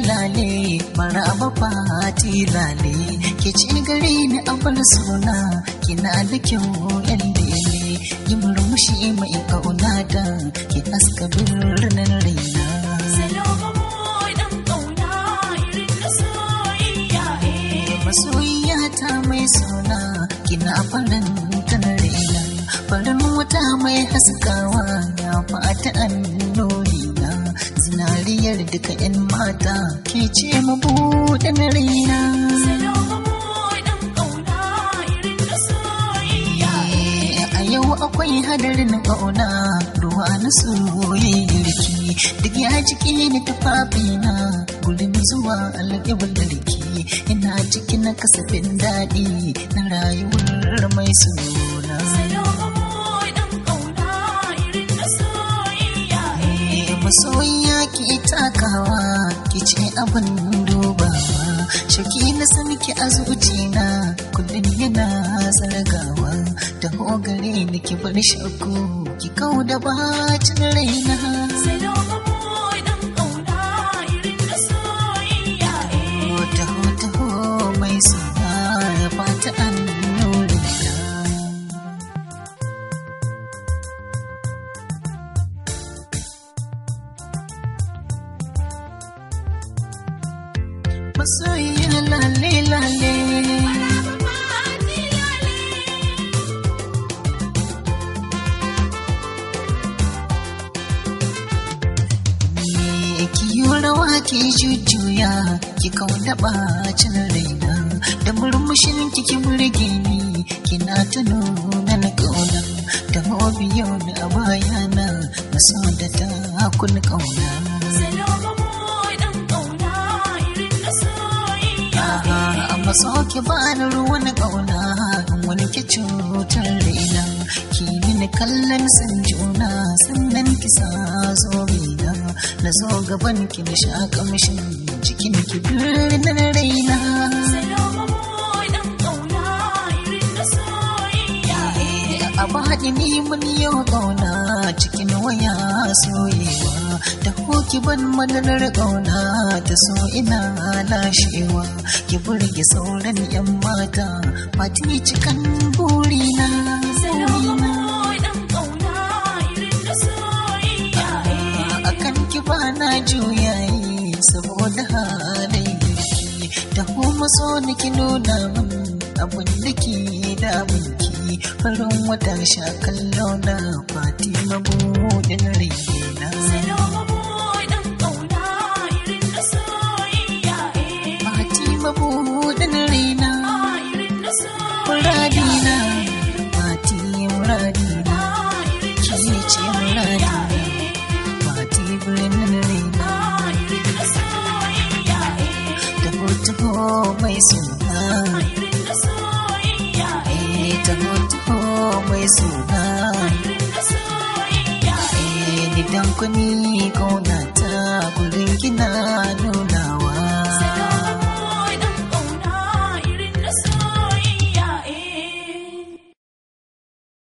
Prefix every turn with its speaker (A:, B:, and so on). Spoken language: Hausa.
A: lale maraba fati lale ke ci gari ni abin suna kina da kyau yan dele yi murmushi mai kauna da ki aska birnin raina eh. Masoyiya ta mai suna kina farin tanar farin wata mai haskawa soyayyar duka 'yan mata ke ce mabuɗin raina. Eh, yau akwai hadarin ƙauna ruwa na soyayyar yarki duk ya ciki ni tufafina gurin zuwa alƙibar da ina cikin kasafin daɗi na rayuwar mai suna ki ce abin dubawa shaki na san ki a zucina kullum yana zargawa da hogare ni ki bar shakku ki kau da bacin raina masoyin lalle lalle rawa ki jujjuya ki kauna bacin raina da murmushin kiki murge ni kina tuno na na kauna da mawabi yau da bayana maso da ta kun kauna. ka soke bani ruwan ƙauna in wani ki cutar raina ki mini kallon san juna sannan ki sa zobina na zo gaban ki na sha kamshin cikin ki birnin raina a baɗi ni mun yau ƙauna cikin waya soyewa da ki ban madarar ƙauna ta so ina lashewa ki burge sauran yan mata fati cikan burina akan ki ba na juyayi saboda halayen ki da kuma so ni ki nuna min abin da ke damun ki farin wata sha kallo na fati mabuɗin rai na muraadii kiyya cimraadii maatii bulennee dabooti hoo maisuudhaa dabooti hoo maisuudhaa nidaan kuni koonataa gulinginaa.